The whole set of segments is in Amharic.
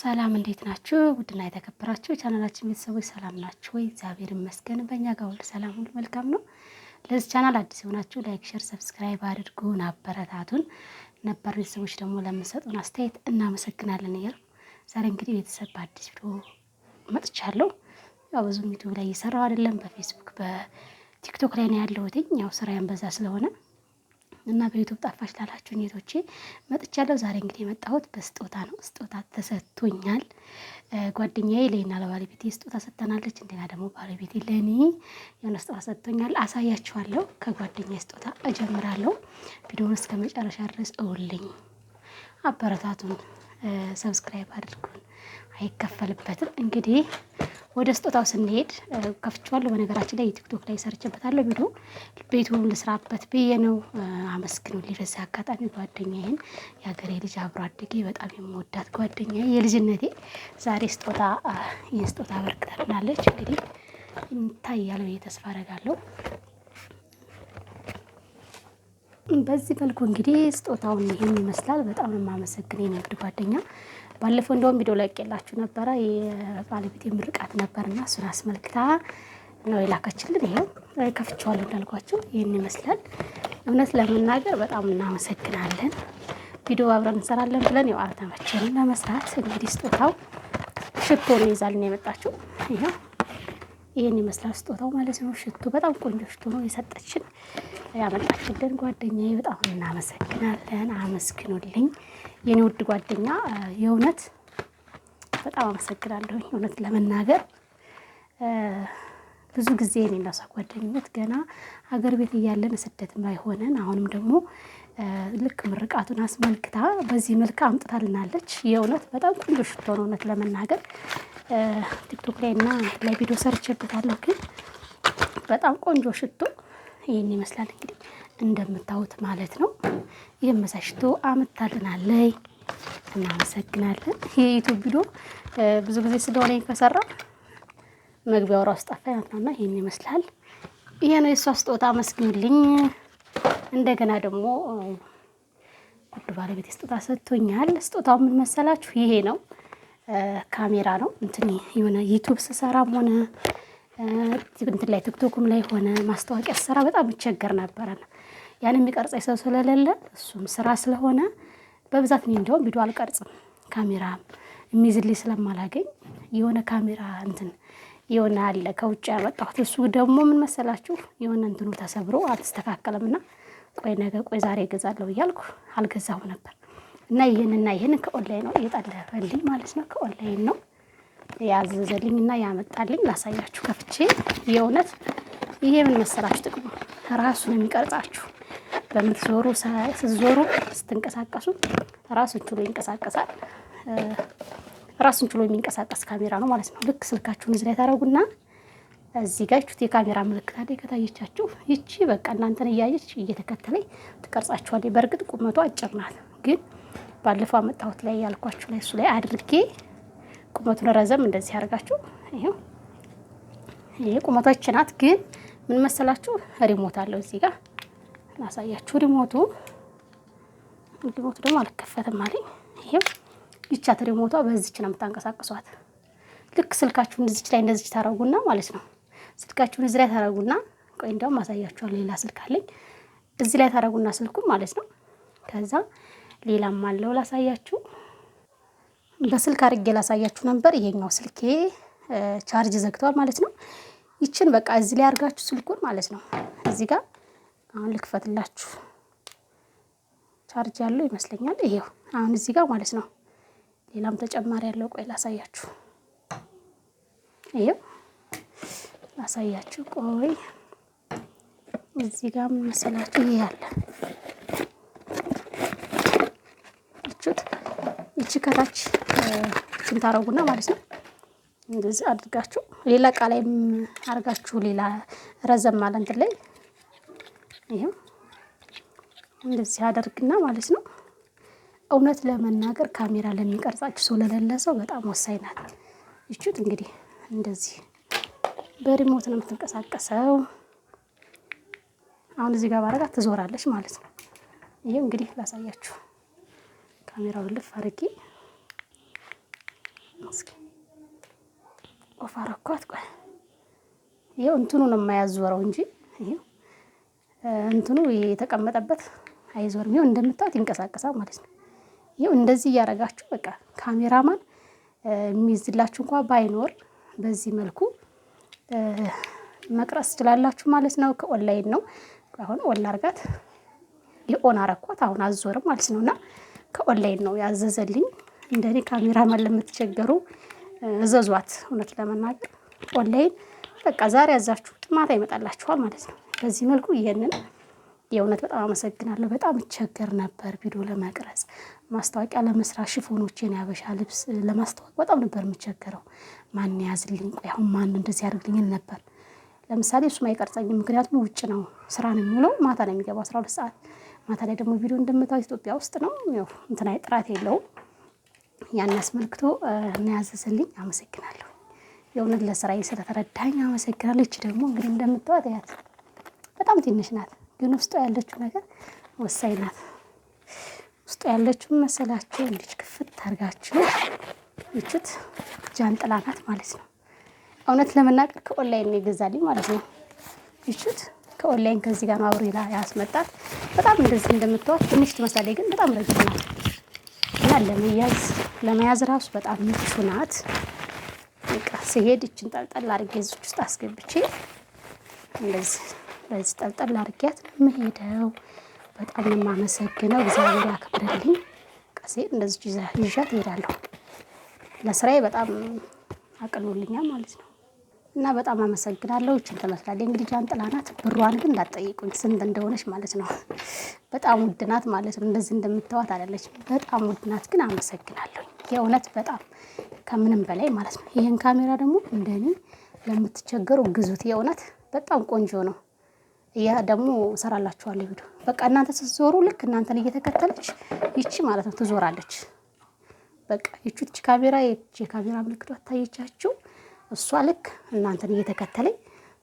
ሰላም እንዴት ናችሁ? ውድና የተከበራችሁ ቻናላችን ቤተሰቦች ሰላም ናችሁ ወይ? እግዚአብሔር ይመስገን በእኛ ጋር ሁሉ ሰላም፣ ሁሉ መልካም ነው። ለዚህ ቻናል አዲስ የሆናችሁ ላይክ፣ ሸር፣ ሰብስክራይብ አድርጉ፣ አበረታቱን። ነበር ቤተሰቦች ደግሞ ለምሰጡን አስተያየት እናመሰግናለን። እያሉ ዛሬ እንግዲህ ቤተሰብ በአዲስ ቪዲዮ መጥቻለሁ። ያው ብዙም ዩቱብ ላይ እየሰራው አይደለም፣ በፌስቡክ በቲክቶክ ላይ ነው ያለሁት። ያው ስራዬን በዛ ስለሆነ እና በዩቱብ ጠፋሽ ላላችሁ ኔቶቼ መጥቻለሁ። ዛሬ እንግዲህ የመጣሁት በስጦታ ነው። ስጦታ ተሰጥቶኛል። ጓደኛዬ ለእኔና ለባለቤቴ ስጦታ ሰጥተናለች። እንደና ደግሞ ባለቤቴ ለእኔ የሆነ ስጦታ ሰጥቶኛል። አሳያችኋለሁ። ከጓደኛዬ ስጦታ እጀምራለሁ። ቪዲዮውን እስከ መጨረሻ ድረስ እውልኝ፣ አበረታቱን፣ ሰብስክራይብ አድርጉን፣ አይከፈልበትም እንግዲህ ወደ ስጦታው ስንሄድ ከፍቼዋለሁ። በነገራችን ላይ የቲክቶክ ላይ ሰርችበታለሁ ቪዲዮ ቤቱ ልስራበት ብዬ ነው። አመስግኑ ሊፈስ አጋጣሚ ጓደኛዬን፣ የሀገሬ ልጅ አብሮ አደጌ፣ በጣም የምወዳት ጓደኛ የልጅነቴ ዛሬ ስጦታ ይህን ስጦታ አበርክታልናለች። እንግዲህ ይታያል ተስፋ አደርጋለሁ። በዚህ መልኩ እንግዲህ ስጦታውን ይህን ይመስላል። በጣም ነው የማመሰግነው የንግድ ጓደኛ። ባለፈው እንደውም ቪዲዮ ለቅቄላችሁ ነበረ የባለቤቴ ምርቃት ነበርና እሱን አስመልክታ ነው የላከችልን። ይኸው ከፍቼዋለሁ እንዳልኳቸው ይህን ይመስላል። እውነት ለመናገር በጣም እናመሰግናለን። ቪዲዮ አብረን እንሰራለን ብለን ያው አልተመቸንም ለመስራት። እንግዲህ ስጦታው ነው ይዛልን የመጣችው ይኸው ይህን ይመስላል ስጦታው ማለት ነው። ሽቱ በጣም ቆንጆ ሽቶ ነው የሰጠችን ያመጣችልን ጓደኛዬ። በጣም እናመሰግናለን። አመስግኑልኝ የኔ ውድ ጓደኛ፣ የእውነት በጣም አመሰግናለሁ። እውነት ለመናገር ብዙ ጊዜ እኔና እሷ ጓደኝነት ገና ሀገር ቤት እያለን ስደትም ላይ ሆነን አሁንም ደግሞ ልክ ምርቃቱን አስመልክታ በዚህ መልክ አምጥታልናለች። የእውነት በጣም ቆንጆ ሽቶ ነው እውነት ለመናገር ቲክቶክ ላይ እና ላይ ቪዲዮ ሰርቼበታለሁ። ግን በጣም ቆንጆ ሽቶ ይህን ይመስላል እንግዲህ እንደምታዩት ማለት ነው። የመሳ ሽቶ አምጥታልናለች። እናመሰግናለን። የዩቱብ ቪዲዮ ብዙ ጊዜ ስለሆነ ከሰራ መግቢያው ራሱ ጠፋኝ ማለት እና ይሄን ይመስላል። ይሄ ነው የእሷ ስጦታ አመስግኑልኝ። እንደገና ደግሞ ውድ ባለቤት ስጦታ ሰጥቶኛል። ስጦታው ምን መሰላችሁ? ይሄ ነው ካሜራ ነው እንትን የሆነ ዩቱብ ስሰራም ሆነ እንትን ላይ ቲክቶክም ላይ ሆነ ማስታወቂያ ስሰራ በጣም ይቸገር ነበረና ያን የሚቀርጸኝ ሰው ስለሌለ እሱም ስራ ስለሆነ በብዛት እኔ እንዲያውም ቪዲዮ አልቀርጽም ካሜራ የሚይዝልኝ ስለማላገኝ የሆነ ካሜራ እንትን የሆነ አለ ከውጭ ያመጣሁት እሱ ደግሞ ምን መሰላችሁ የሆነ እንትኑ ተሰብሮ አልተስተካከለም እና ቆይ ነገ ቆይ ዛሬ እገዛለሁ እያልኩ አልገዛሁ ነበር እና ይህንና ይህን ከኦንላይን ነው የጠለፈልኝ ማለት ነው። ከኦንላይን ነው ያዘዘልኝ እና ያመጣልኝ። ላሳያችሁ ከፍቼ የእውነት ይሄ ምን መሰላችሁ ጥቅሙ ራሱ ነው የሚቀርጻችሁ። በምትዞሩ ስትዞሩ ስትንቀሳቀሱ ራሱ ችሎ ይንቀሳቀሳል። ራሱን ችሎ የሚንቀሳቀስ ካሜራ ነው ማለት ነው። ልክ ስልካችሁን እዚህ ላይ ታደርጉና እዚህ ጋር ቹት የካሜራ ምልክት አለ። ከታየቻችሁ ይቺ በቃ እናንተን እያየች እየተከተለኝ ትቀርጻችኋል። በእርግጥ ቁመቱ አጭር ናት፣ ግን ባለፈው አመጣሁት ላይ ያልኳችሁ ላይ እሱ ላይ አድርጌ ቁመቱን ረዘም እንደዚህ አድርጋችሁ ይኸው ይሄ ቁመቶች ናት። ግን ምን መሰላችሁ ሪሞት አለው እዚህ ጋር ላሳያችሁ። ሪሞቱ ሪሞቱ ደግሞ አልከፈትም አለኝ ይሄው ይቻ ሪሞቷ በዚች ነው የምታንቀሳቅሷት። ልክ ስልካችሁን እዚች ላይ እንደዚች ታረጉና ማለት ነው። ስልካችሁን እዚ ላይ ታረጉና ቆይ እንደውም አሳያችኋል። ሌላ ስልክ አለኝ እዚህ ላይ ታረጉና ስልኩን ማለት ነው። ከዛ ሌላም አለው ላሳያችሁ። በስልክ አድርጌ ላሳያችሁ ነበር። ይሄኛው ስልኬ ቻርጅ ዘግቷል ማለት ነው። ይችን በቃ እዚህ ላይ አድርጋችሁ ስልኩን ማለት ነው። እዚህ ጋር አሁን ልክፈትላችሁ። ቻርጅ ያለው ይመስለኛል። ይሄው አሁን እዚህ ጋር ማለት ነው ሌላም ተጨማሪ ያለው ቆይ ላሳያችሁ። ይኸው ላሳያችሁ። ቆይ እዚህ ጋር ምን መሰላችሁ? ይሄ ያለ እችት እቺ ከታች ስንታረጉና ማለት ነው እንደዚህ አድርጋችሁ ሌላ እቃ ላይ አድርጋችሁ ሌላ ረዘም ማለት ላይ ይሄው እንደዚህ አደርግና ማለት ነው እውነት ለመናገር ካሜራ ለሚቀርጻችሁ ሰው ለሌለ ሰው በጣም ወሳኝ ናት። ይቺት እንግዲህ እንደዚህ በሪሞት ነው የምትንቀሳቀሰው። አሁን እዚህ ጋር ባረጋት ትዞራለች ማለት ነው። ይሄ እንግዲህ ላሳያችሁ ካሜራውን ልፍ አድርጌ እስኪ ኦፋረኳት። ቆይ እንትኑ ነው የማያዞረው እንጂ ይኸው እንትኑ የተቀመጠበት አይዞርም። ይኸው እንደምታዩት ይንቀሳቀሳል ማለት ነው። ይኸው እንደዚህ እያደረጋችሁ በቃ ካሜራማን የሚይዝላችሁ እንኳ ባይኖር በዚህ መልኩ መቅረጽ ትችላላችሁ ማለት ነው። ከኦንላይን ነው። አሁን ኦን አርጋት የኦን አረኳት አሁን አዞርም ማለት ነው። እና ከኦንላይን ነው ያዘዘልኝ። እንደኔ ካሜራማን ለምትቸገሩ እዘዟት። እውነት ለመናገር ኦንላይን በቃ ዛሬ ያዛችሁ ጥማታ ይመጣላችኋል ማለት ነው። በዚህ መልኩ ይሄንን የእውነት በጣም አመሰግናለሁ። በጣም እቸገር ነበር ቪዲዮ ለመቅረጽ ማስታወቂያ ለመስራት ሽፎኖቼን ያበሻ ልብስ ለማስታወቅ በጣም ነበር የምቸገረው። ማን ያዝልኝ? ቆይ አሁን ማን እንደዚህ ያደርግልኝ ነበር። ለምሳሌ እሱም አይቀርጸኝም፣ ምክንያቱም ውጭ ነው ስራ ነው የሚውለው። ማታ ነው የሚገባው አስራ ሁለት ሰዓት። ማታ ላይ ደግሞ ቪዲዮ እንደምታዩት ኢትዮጵያ ውስጥ ነው እንትና ጥራት የለውም። ያን አስመልክቶ እናያዘዝልኝ አመሰግናለሁ። የእውነት ለስራዬ ስለተረዳኝ አመሰግናለች። ደግሞ እንግዲህ እንደምታዩት ያት በጣም ትንሽ ናት። ግን ውስጧ ያለችው ነገር ወሳኝ ናት። ውስጧ ያለችው መሰላችሁ እንዲች ክፍት ታርጋችሁ ይችት ጃንጥላ ናት ማለት ነው። እውነት ለመናገር ከኦንላይን ነው የገዛልኝ ማለት ነው። ይችት ከኦንላይን ከዚህ ጋር አብሮ ያስመጣት በጣም እንደዚህ እንደምታዋት ትንሽ ትመስላለች፣ ግን በጣም ረጅም ናት እና ለመያዝ ለመያዝ ራሱ በጣም ምቹ ናት። በቃ ስሄድ እችን ጠልጠል አድርጌ እዚች ውስጥ አስገብቼ እንደዚህ በዚህ ጠልጠል አድርጊያት ነው የምሄደው። በጣም የማመሰግነው እግዚአብሔር ያክብርልኝ። ቀሴ እንደዚህ ይዣት እሄዳለሁ። ለስራዬ በጣም አቅሎልኛል ማለት ነው እና በጣም አመሰግናለሁ። እችን ትመስላለች እንግዲህ ጃንጥላ ናት። ብሯን ግን እንዳትጠይቁኝ ስንት እንደሆነች ማለት ነው። በጣም ውድ ናት ማለት ነው። እንደዚህ እንደምትዋት አለች በጣም ውድ ናት። ግን አመሰግናለሁ የእውነት በጣም ከምንም በላይ ማለት ነው። ይህን ካሜራ ደግሞ እንደኔ ለምትቸገሩ ግዙት። የእውነት በጣም ቆንጆ ነው። ያ ደግሞ እሰራላችኋለሁ ቪዲዮ። በቃ እናንተ ስትዞሩ ልክ እናንተን እየተከተለች ይቺ ማለት ነው ትዞራለች። በቃ ይቺ ትች ካሜራ ይቺ ካሜራ ምልክቷ ታየቻችሁ። እሷ ልክ እናንተን እየተከተለኝ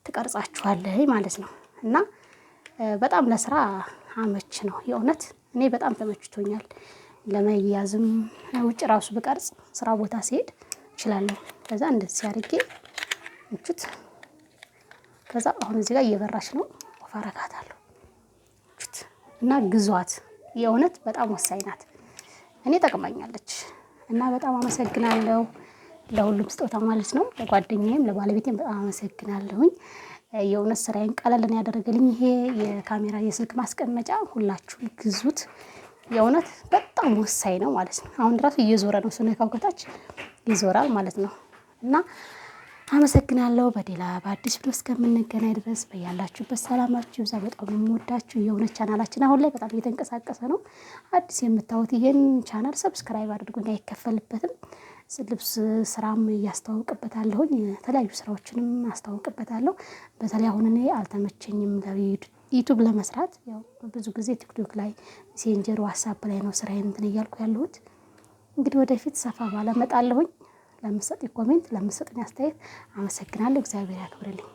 ትቀርጻችኋለህ ማለት ነው። እና በጣም ለስራ አመች ነው የእውነት እኔ በጣም ተመችቶኛል። ለመያዝም ውጭ ራሱ ብቀርጽ ስራ ቦታ ሲሄድ እችላለሁ። ከዛ እንደዚህ አድርጌ ምቹት። ከዛ አሁን እዚህ ጋር እየበራች ነው እያደረኩ አረጋታለሁ እና ግዟት። የእውነት በጣም ወሳኝ ናት። እኔ ጠቅማኛለች እና በጣም አመሰግናለሁ ለሁሉም ስጦታ ማለት ነው። ለጓደኛዬም ለባለቤቴም በጣም አመሰግናለሁኝ። የእውነት ስራዬን ቀለልን ያደረገልኝ ይሄ የካሜራ የስልክ ማስቀመጫ ሁላችሁም ግዙት። የእውነት በጣም ወሳኝ ነው ማለት ነው። አሁን ራሱ እየዞረ ነው ስነካው ከታች ይዞራል ማለት ነው እና አመሰግናለሁ። በሌላ በአዲስ ብሎ እስከምንገናኝ ድረስ በያላችሁበት ሰላማችሁ ይብዛ። በጣም የምወዳችሁ የሆነ ቻናላችን አሁን ላይ በጣም እየተንቀሳቀሰ ነው። አዲስ የምታዩት ይህን ቻናል ሰብስክራይብ አድርጉ፣ አይከፈልበትም። ልብስ ስራም እያስተዋውቅበታለሁኝ፣ የተለያዩ ስራዎችንም አስተዋውቅበታለሁ። በተለይ አሁን እኔ አልተመቸኝም ዩቱብ ለመስራት ያው ብዙ ጊዜ ቲክቶክ ላይ ሜሴንጀር፣ ዋትሳፕ ላይ ነው ስራዬን እንትን እያልኩ ያለሁት። እንግዲህ ወደፊት ሰፋ ባለ እመጣለሁኝ። ለምሰጥ ኮሜንት ለምሰጥ አስተያየት አመሰግናለሁ። እግዚአብሔር ያክብርልኝ።